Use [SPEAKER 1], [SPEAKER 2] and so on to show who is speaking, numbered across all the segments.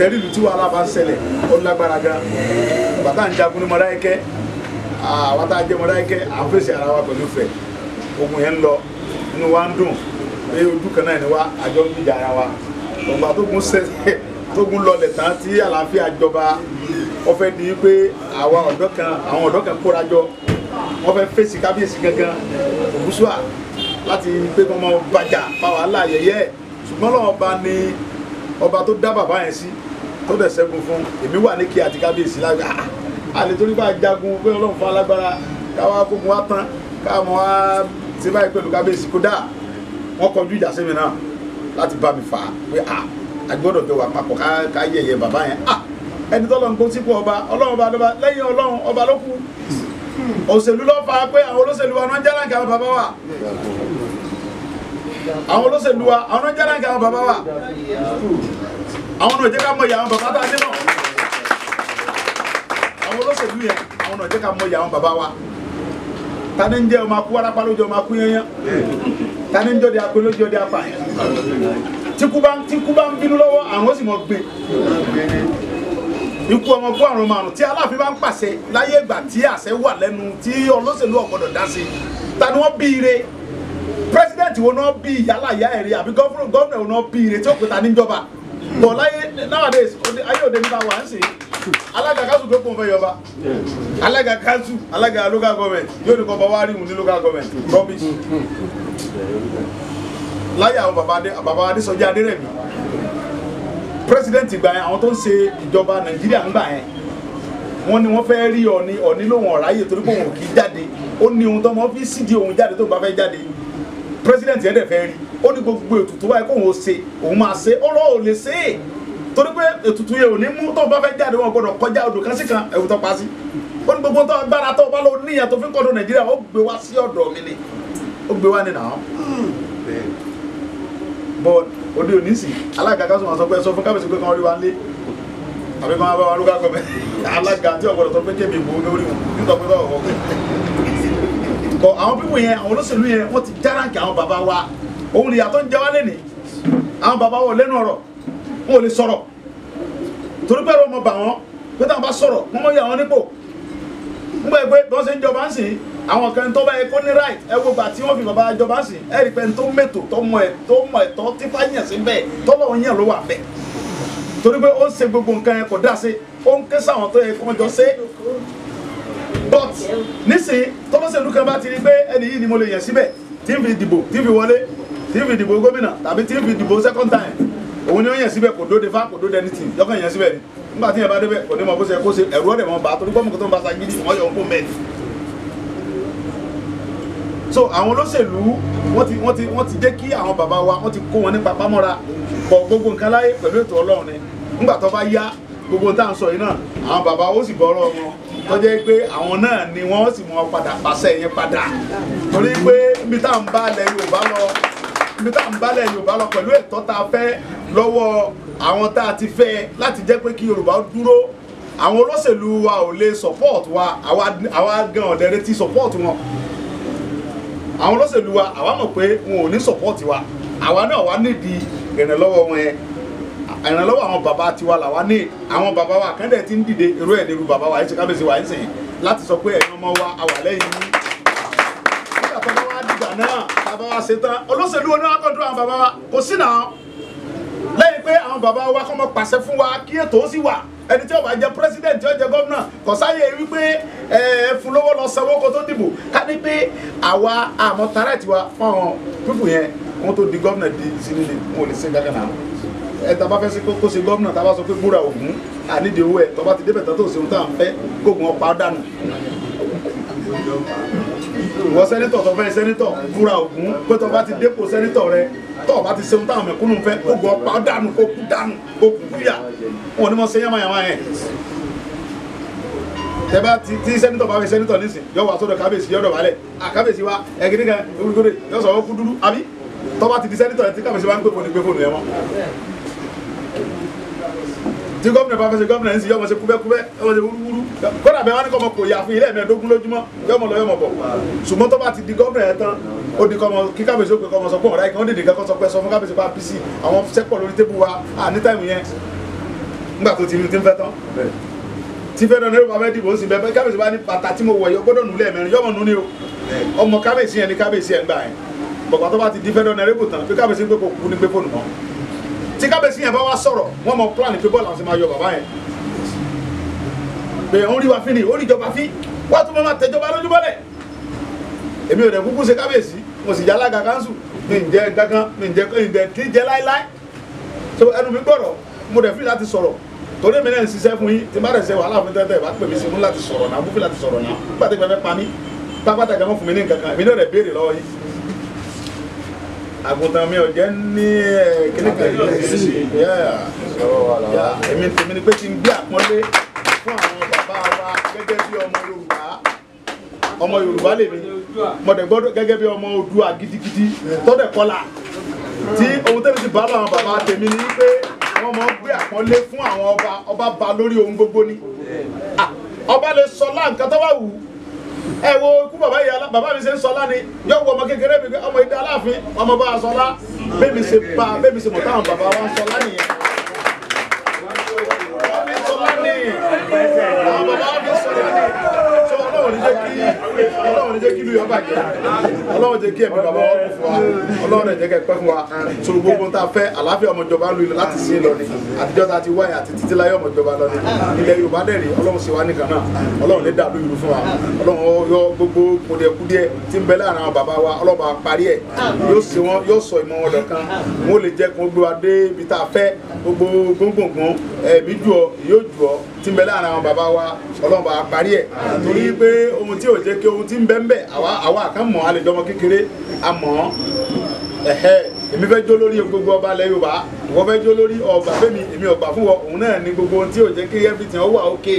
[SPEAKER 1] sẹ́rí ìlú tí wàhálà bá ń ṣẹlẹ̀ ó lágbára gan bàtà ń jagun ní Mọdákẹ́kẹ́ àwọn tá a jẹ́ Mọdákẹ́kẹ́ à ń fèsì ara wa pẹ̀lú fẹ̀ ogun yẹn ń lọ inú wa ń dùn pé ojú kan náà ni wa àjọ ń gbìjà ara wa ọgbà tógun sẹ́sẹ̀ tógun lọlẹ̀ tán tí àlàáfíà jọba wọ́n fẹ́ di pé àwa ọ̀dọ́ kan àwọn ọ̀dọ́ kan kóra jọ wọ́n fẹ́ fèsì kábíyèsí gangan òbúṣùà láti pé kọ́mọ bàjà pa wàhálà ọba tó dá bàbá yẹn sí tó dẹ̀ ṣẹ́gun fún èmi wà ní kí àti kábíyèsí lágbà ah, ah, àlè torí bá jagun pé ọlọ́run fún alágbára káwá kógun wá tán káwọn wá ṣe báyìí pẹ̀lú kábíyèsí kódà wọ́n kọjú ìjà sí mi náà láti bá mi fà á pé à ah, àgbọ́dọ̀ jọ wà papọ̀ ká yẹ̀yẹ̀ bàbá yẹn à ẹni tó lọ́n gbósí fún ọba ọlọ́run ọba lọ́ba lẹ́yìn ọlọ́run ọba ló kù òṣèlú ló fà á pé àwọn olóṣèlú wa náà jálàǹkà àwọn bàbá wa àwọn olóṣèlú wa àwọn náà jálàǹkà bàbá wa àwọn náà jẹ́ ká mọ̀ ìyá àwọn bàbá tá a dé náà àwọn olóṣèlú yẹn àwọn náà jẹ́ ká mọ̀ ìyá àwọn bàbá wa tani ń jẹ́ ọmọ akú warapa lójú ọmọ akú yẹnyẹn tani ń jọ́ di akú lójú ọdí apá yẹn tíkú bá ń bínú lọ́wọ́ àwọn ó sì mọ̀ gbé ikú ọmọ kú àrùn márùn tí aláàfin bá ń pàṣẹ láyé ìgbà tí àṣẹ wà lẹ́nu tí olóṣèlú ọ̀gbọ́dọ̀ dá sí tani wọ́n bí ire president wo náà bí ìyálà ìyá ẹ̀rí àbí gọ́fúnà gọ́fúnà wo náà bí ire tí ó pè ta níjọba But like nowadays, ayé you the middle one? See, Alaga Kazu yọba, come for Yoba. Alaga Kazu, Alaga local government. You the Kobawari Muni local government. Rubbish. Láyé àwọn bàbá Adé bàbá Adésọjí Adérẹ̀mí. President ìgbà yẹn àwọn tó ń ṣe ìjọba Nàìjíríà ń ni rí ohun fi jáde. President ó ní gbogbo ètùtù báyìí kóun ó ṣe òun máa ṣe ó lọ́ọ́ ò lè ṣe é torí pé ètùtù yẹn ò ní mú tó bá fẹ́ jáde wọn gbọ́dọ̀ kọjá odò kan sí kan ẹ̀wù tó pa sí ó ní gbogbo tó agbára tó bá lọ níyàn tó fi kọ́dọ̀ nàìjíríà ó gbé wá sí ọ̀dọ̀ mi ni ó gbé wá ní nà án but òde òní sì alága ká sọ̀rọ̀ sọ pé sọ fún kábíyèsí pé kàn rí wa lé àbí kàn bá wa lóka gbọmẹ alága tí ọ̀gbọ̀dọ̀ tó pé kébi ìbò lórí wọn nítorí pé báwo kọ àwọn pípò yẹn àwọn olóṣèlú yẹn wọ́n ti járáǹkì àwọn bàbá wa òun ìyà tó ń jẹ wá lẹ́nìí àwọn bàbá wò lẹ́nu ọ̀rọ̀ wọn ò lè sọ̀rọ̀ torí pé ọmọ bà wọ́n pé táwọn bá sọ̀rọ̀ wọ́n mọ̀ yà wọ́n nípò nígbà pé bí wọ́n ṣe ń jọba ń sìn àwọn kan tó bá yẹ kó ní right ẹ wo gbà tí wọ́n fi bàbá jọba ń sìn ẹ rí pé tó mẹ́tò tó mọ ẹ̀ tó mọ ẹ̀tọ́ tí fáyàn sí bẹ́ẹ̀ tọ́lọ́ yàn ló wà bẹ́ẹ̀ torí pé ó ń ṣe gbogbo nǹkan yẹn kò dá sí ó ń ké sáwọn tó yẹ kó jọ ṣe but nísìnyí tọ́lọ́sẹ̀lú kan bá ti rí pé ẹni yìí ni mo lè yàn síbẹ̀ tí ń fi dìbò tí ń fi wọlé tí fi dìbò gómìnà tàbí tí fi dìbò second time òun ni ó yàn síbẹ̀ kò dóde fá kò dóde anything yọkàn yàn síbẹ̀ ni nígbà tí yẹn bá débẹ̀ kò ní mọ bó ṣe kó ṣe ẹ̀rú ọ̀dẹ̀ mọ́ bá torí gbọ́mọ̀ tó ń bá sa gidi wọ́n yọ ohun kó mẹ́ẹ̀tì. so àwọn olóṣèlú wọ́n ti wọ́n ti wọ́n ti jẹ́ kí àwọn bàbá wa wọ́n ti kó wọn nípa pamọ́ra bọ̀ gbogbo nǹkan láyé pẹ̀lú ètò ọlọ́run ni nígbà tó bá yá gbogbo tá à ń sọ yìí náà àwọn bàbá ó sì bọ̀rọ̀ wọn tó jẹ́ pé àwọn náà ni wọ́n sì mọ padà pàṣẹ yẹn padà torí pé níbi tá bá ilẹ̀ Yorùbá lọ ibi tá à ń bálẹ̀ yorùbá lọ pẹ̀lú ẹ̀tọ́ tá a fẹ́ lọ́wọ́ àwọn tá a ti fẹ́ láti jẹ́ pé kí yorùbá dúró àwọn olóṣèlú wa ò lè support wa àwa gan ọ̀dẹ̀ retí support wọn àwọn olóṣèlú wa àwa mọ̀ pé wọn ò ní support wa àwa náà wá nídìí ìrànlọ́wọ́ wọn yẹn ìrànlọ́wọ́ àwọn bàbá tiwa làwa ní àwọn bàbá wa kàn dẹ̀ ti ń dìde irú ẹ̀ nílùú bàbá wa ẹ̀ ṣe kábíyèsí wa ẹ̀ sìn láti sọ pé ẹ̀yin ọmọ wa àwàlẹ́ yìí nígbà tó bá wá dìgbà náà bàbá wa ṣe tán olóṣèlú oníwà kọ́ńtúrò àwọn bàbá wa kò sí náà lẹ́yìn pé àwọn bàbá wa kọ́ mọ́ pàṣẹ fún wa kí ètò ó sì wà ẹni tí ó bá jẹ president tí ó jẹ gómìnà kò sáyè wípé ẹ fún lówó lọ sanwó kó tó dìbò ká ní pé àwa àmọ́ tààrà tiwa fún àwọn pípù yẹn wọn tó di gómìnà di sínú ni wọn ò lè sin gángan náà ẹ tá a sí kó ṣe gómìnà tá sọ pé búra ògún ànídìí owó ẹ tó ti débẹ̀ tó tó ṣe ohun à ń fẹ́ kóògùn ọ̀pá dànù ìwọ sẹ́nitọ̀ tó fẹ́ sẹ́nitọ̀ búra ògún pé tó bá ti dépò sẹ́nitọ̀ rẹ tó bá ti ṣeun táwọn mẹ̀kúnnù fẹ́ kó gbọ́ pa dànù kó kú dànù kó kú kúyà wọn ni mo ṣe yamayama yẹn tẹ́bá ti tí sẹ́nitọ̀ bá fẹ́ sẹ́nitọ̀ nísìn yọ wà sọ́dọ̀ kábíyèsí yọ̀dọ̀ wálẹ̀ àkábíyèsí wa ẹ̀gídí kan ewúrúgbòde yọ sọ̀rọ̀ kú dúdú àbí tó bá ti di sẹ́nitọ̀ ẹ̀ tí kábíyèsí wa ń pè fóònù gbé fóònù yẹn mọ́ tí gómìnà bá fẹ́ ṣe gómìnà yìí sì yọmọ ṣe kúbẹ́kúbẹ́ yọmọ ṣe wúrúwúrú kódà bẹ́ẹ̀ wá ní kọ́mọ kò yà fún ilé ẹ̀mẹ́ẹ̀dógún lójúmọ́ yọmọ lọ yọmọ bọ̀ ṣùgbọ́n tó bá ti di gómìnà yẹn tán ó di kọ́mọ kí kábíyèsí ó pe kọ́mọ sọ pé ọ̀rá ìkan ó dìde kankan sọ pé sọ fún kábíyèsí pa pc àwọn sẹ́pọ̀ lórí tébù wa à ní táìmù yẹn nígbà tó ti ní ti ń fẹ́ tán tí fẹ́ náà ní ọba mẹ́dìbò ó sì bẹ́ẹ̀ kábíyèsí bá ní bàtà tí mo wọ̀ yọ gbọ́dọ̀ nù lẹ́ẹ̀mẹ́rin yọmọ nù ni o ọmọ kábíyèsí yẹn ni kábíyèsí yẹn gbà yẹn bọ̀gbà tó bá ti di fẹ́ náà ní ẹrẹ́bù tán pé kábíyèsí pé kò kú ní gbé fóònù náà tí kábíyèsí yẹn bá wá sọ̀rọ̀ wọ́n mọ plan pé bọ́ọ̀lù àwọn ti máa yọ bàbá yẹn bẹ́ẹ̀ ń rí wa fi ni ó rí ìjọba fi wọ́n tún máa tẹ̀jọba lójú bọ́lẹ̀ èmi ò dẹ̀ kúkú ṣe kábíyèsí mo sì yálà gàgánsù mi ń jẹ gángan mi ń jẹ ìdẹ̀ kí jẹ láíláí so ẹnu mi gbọ́dọ̀ mo dẹ̀ fi láti sọ̀rọ̀ torí èmi náà ń ṣiṣẹ́ fún yín tí bá rẹ̀ ṣe wàhálà fún tẹ́tẹ́ ìbá pè mí sí fún láti sọ̀rọ̀ náà fún fi láti sọ̀rọ̀ náà nígbà tí gbẹmẹ pa mí tápátá gẹmọ fún mi ní nǹkan kan èmi náà rẹ̀ béèrè lọ́wọ́ yìí àgùntàn mi ò jẹ́ ní kíníkan èmi tèmi ni pé kí n gbé àpọ́nlé fún àwọn bàbá wa gẹ́gẹ́ bí ọmọ Yorùbá ọmọ Yorùbá lèmi mo dẹ̀ gbọ́dọ̀ gẹ́gẹ́ bí ọmọ Oòduà gidigidi tó dẹ̀ kọ́là tí ohun tẹ́lẹ̀ ti bá lọ àwọn bàbá tèmi ni pé wọ́n máa ń gbé àpọ́nlé fún àwọn ọba ọba ba lórí ohun gbogbo ni ah, ọba lè sọ láǹkan tó bá wù ú ẹ wo ikú bàbá yìí alá bàbá mi ṣe ń sọlá ni yóò wọ ọmọ kékeré mi ọmọ ìdá aláàfin ọmọ bá a sọlá bẹ́ẹ̀ mi ṣe bá bẹ́ẹ̀ mi ṣe mọ̀ táwọn bàbá wa sọlá nìyẹn ọlọ́run jẹ́ kí ìlú yọ bàjẹ́ ọlọ́run jẹ́ kí ẹ̀mí bàbá wọn kún fún wa ọlọ́run jẹ́ kẹ́ pẹ́ fún wa so gbogbo tá a fẹ́ àlàáfíà ọmọjọba lu ilẹ̀ láti sí lọ ni àtijọ́ ta ti wáyà àti títí láyé ọmọjọba lọ ni ilẹ̀ yorùbá dẹ̀ rí ọlọ́run sì wá nìkan náà ọlọ́run lè dàlú ìlú fún wa ọlọ́run yọ gbogbo kùdìẹ̀kudìẹ tí ń bẹ láàrin àwọn bàbá wa ọlọ́ba parí ẹ̀ yóò ṣe wọn yóò sọ ìmọ̀ wọn dọ̀kan wọn ò lè jẹ́ kó gbé wa dé ibi tá a fẹ́ gbogbo gbóngbòngbòn ẹ̀mí jù ọ yóò jù ọ tí ń bẹ láàrin àwọn bàbá wa ọlọ́run bá parí ẹ̀ torí pé ohun tí ò jẹ́ kí ohun tí ń bẹ ń bẹ àwa àwa kan mọ̀ alẹ́ jọmọ kékeré a mọ̀ ẹ̀hẹ́ èmi fẹ́ jó lórí gbogbo ọba ilẹ̀ Yorùbá wọ́n fẹ́ jó lórí ọgbà fẹ́mi èmi ọgbà fún wọn òun náà ni gbogbo ohun tí ò jẹ́ kí everything ó wà òkè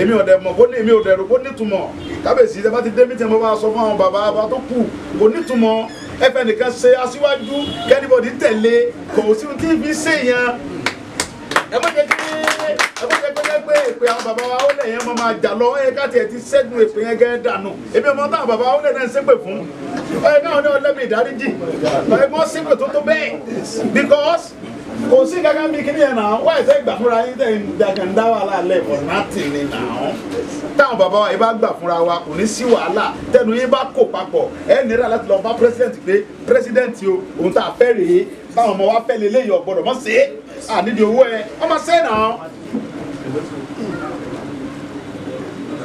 [SPEAKER 1] èmi ọ̀dẹ̀ mọ̀ bó ní èmi ọ̀dẹ̀ rò bó nítumọ̀ kábèsì ìjọba ti dé mítẹ̀ mo bá sọ fún àwọn bàbá bá tó kù kò nítumọ̀ ẹfẹ̀ nìkan ṣe aṣíwájú kẹ́nìbọ̀dì tẹ̀lé kò sí ohun tí ì fi ṣèyàn ẹ má jẹ́ kí pé èpè àwọn bàbá wa ó lè yẹn mọ máa jà lọ ó ká tiẹ̀ ti ṣẹ́gun èpè yẹn gẹ́gẹ́ dànù ebi ọmọ táwọn bàbá wa ó lè náà ṣépè fún ó káwọn náà lẹ́bi ìdáríjì ó yẹ kó tó tó bẹ́ẹ̀ because kò sí kankan bí kíní yẹn náà wọ́n ẹ̀sẹ̀ gbà fúnra yín tẹ̀ ń dàgbà ń dá wàhálà lẹ̀ for nothing ni náà táwọn bàbá wa yìí bá gbà fúnra wa kò ní sí wàhálà tẹnu yín bá kò papọ̀ ẹ nira láti lọ bá president pé president o òun tá a fẹ́ rèé báwọn ọmọ wa fẹ́ lélẹ́yìn ọ̀gbọ́dọ̀ mọ̀ sí ànídìí owó ẹ ọmọ sẹ́yìn náà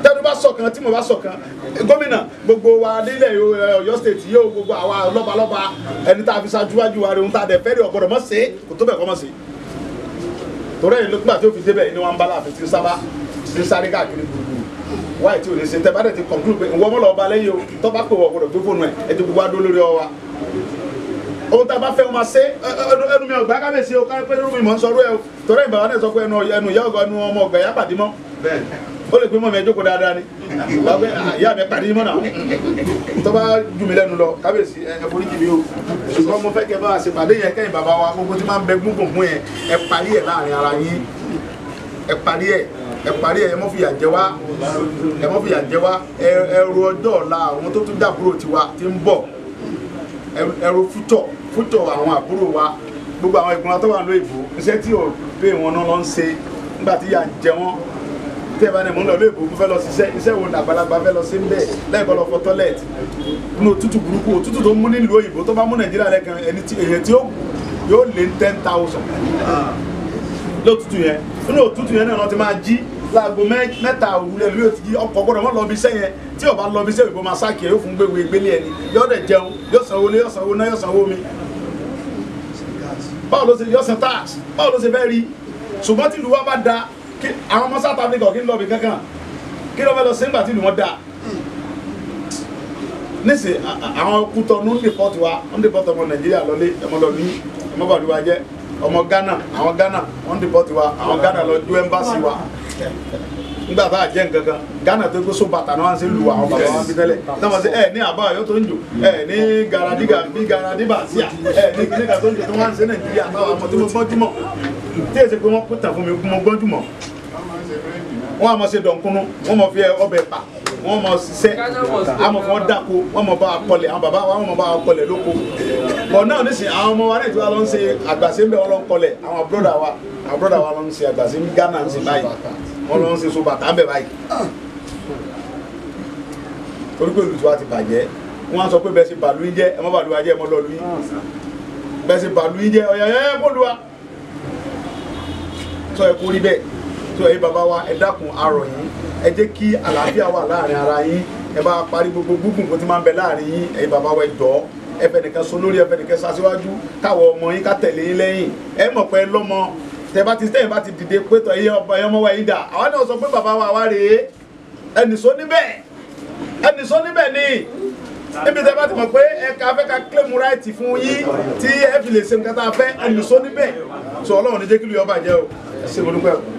[SPEAKER 1] tẹnu bá sọ̀kan tí mo bá sọ̀kan gómìnà gbogbo wa nílẹ̀ Ọ̀yọ́ state yóò gbogbo àwa lọ́balọ́ba ẹni tá a fi ṣáájú wájú wa rẹ̀ ń ta dẹ̀ fẹ́rẹ̀ ọ̀gbọ́dọ̀ mọ̀ sí kò tó bẹ̀ kọ́ mọ̀ sí torí ẹ̀yin ló gbà tí ó fi débẹ̀ ni wọ́n ń bá láàfin tí ń sábà tí ń sáré káàkiri gbogbo wáyé tí ò lè ṣe tẹ bá dẹ̀ ti kọ̀ǹkúrú pé ìwọ́n mọ́ lọ́ọ́ ba lẹ́yìn o tọ́ bá pè wọ́ ọ̀gbọ́dọ̀ gbé fóònù ẹ̀ ẹ̀ ti gbogbo adó lórí ọ wa ohun tá a bá fẹ́ wọn máa ṣe ẹnu mi ọgbà se o káyọ̀ pé ẹnu mi mọ̀ ń sọrú o torí ìbá wa náà sọ pé ẹnu ìyá ọgọ ẹnu ọmọ ọgbà ìyá pàdé mọ́ ó lè pé mọ́ mi ẹ jókòó dáadáa ni wàá ìyá mi pàdé mọ́ náà tó bá jù mí lẹ́nu lọ kábèsí ẹ forí jì mí o ṣùgbọ́n mo fẹ́ kẹ́ bá a ṣe pàdé yẹn kẹ́yìn wa gbogbo tí máa ń bẹ gúngùn fún yẹn ẹ parí ara yín ẹ parí ẹ̀ ẹ parí ẹ mọ́ fìyà jẹ wá ẹrù fútọ̀ fútọ̀ àwọn àbúrò wa gbogbo àwọn ìgbìmọ̀ tó wà ní òyìnbó iṣẹ́ tí ò pé wọn náà lọ ń ṣe nígbà tí yà ń jẹ wọn tí ẹ bá ní mò ń lọ lóyìnbó mo fẹ́ lọ ṣiṣẹ́ iṣẹ́ wo làgbàlagbà fẹ́ lọ sí nbẹ̀ lẹ́ẹ̀kọ́ lọ fọ tọ́lẹ̀tì nínú òtútù burúkú òtútù tó mú nílùú òyìnbó tó bá mú nàìjíríà lẹ́kan ẹni tí èyàn tí yóò lé ten thousand ah. lótútù yẹn nínú òtútù yẹn náà wọ́n ti máa jí láago mẹ́ta òwúlẹ̀ mi ò ti ọkọ̀ gbọ́dọ̀ mọ́ lọ́bi iṣẹ́ yẹn tí ò bá lọ́bi iṣẹ́ ìbò máa sáàkì yóò fún gbégbé ìgbélé ẹni yóò dẹ̀ jẹun yóò sanwó lé yóò sanwó náà yóò sanwó mi. báwo ló ṣe yóò san tax báwo ló ṣe fẹ́ rí ṣùgbọ́n tí ìlú wa bá da àwọn ọmọ South Africa kì í lọ́bi kankan kí ló fẹ́ lọ sẹ́ńgbà tí ìlú wọn da. níṣẹ́ àwọn kútọ́ ní ń dèpọ́tù wa ń dèpọ́tù ọmọ Nàìjíríà lọ́lé ẹ̀mọ́lọ́bí ẹ̀mọ́bàdúwà jẹ́ ọmọ Ghana àwọn Ghana wọ́n dèpọ́tù wa àwọn Ghana lọ ju ẹ́mbásì wa nígbà bá jẹ́ nǹkan kan Ghana tó gbé so bàtà náà ṣe lu àwọn bàbá wa bí tẹ́lẹ̀ náà wọ́n ṣe ẹ̀ ní àbá ọ̀yọ́ tó ń jò ẹ̀ ní garadiga bí garadiba sí à ẹ̀ ní kíníkà tó ń jò tó wá ń ṣe Nàìjíríà táwọn ọmọ tó mọ gbọ́njúmọ̀ tí èsì pé wọ́n kó tàn fún mi kó mọ gbọ́njúmọ̀ wọ́n á ṣe dọ̀nkúnú wọ́n mọ̀ fi ọbẹ̀ pa wọ́n mọ ṣiṣẹ́ àmọ̀ fún wọn dáko wọ́n mọ bá kọlẹ̀ àwọn bàbá wọn mọ bá kọlẹ̀ lóko bọ̀ náà nísìnyí àwọn ọmọ wa náà tí wọ́n lọ ń ṣe àgbàṣe ń bẹ̀ a lọ ń kọlẹ̀ àwọn bróda wa àwọn bróda wa lọ ń ṣe àgbàṣe ń Ghana ń ṣe báyìí wọ́n lọ ń ṣe sobàtà ń bẹ̀ báyìí torí pé olùtú wa ti bàjẹ́ wọ́n á sọ pé bẹ́ẹ̀ ṣe bàlú yín jẹ́ ẹ mọ́ bàlú wa jẹ́ ẹ mọ́ lọ lu yín bẹ́ẹ̀ ṣe bàlú yín jẹ́ ọ̀yà wa sọ ẹ kórìí bẹ́ẹ̀ sọ wa ẹ dákun arọ̀ ẹ jẹ́ kí àlàáfíà wà láàrin ara yín ẹ bá parí gbogbo gbùngbùn kó ti máa ń bẹ láàrin yín ẹ̀yin bàbá wa ìjọ ẹfẹ nìkan so lórí ẹfẹ nìkan sasíwájú káwọ ọmọ yín ká tẹ̀lé yín lẹ́yìn ẹ mọ̀ pé lọ́mọ tẹ bá ti tẹ̀yìn bá ti dìde pé tọ̀ ẹyẹ ọba ẹyọmọ wa yín dà àwa náà sọ pé bàbá wa wá rèé ẹnìṣó níbẹ̀ ẹnìṣó níbẹ̀ ni níbi tẹ bá ti mọ̀ pé ẹka fẹ́ ka claim right fún yín tí ẹ fi lè ṣe nǹkan tá a fẹ́ ẹnìṣó níbẹ̀ sọ ọlọ́run ní jẹ́ kí lóye ọba jẹ́ o ẹ ṣe mo dúpẹ́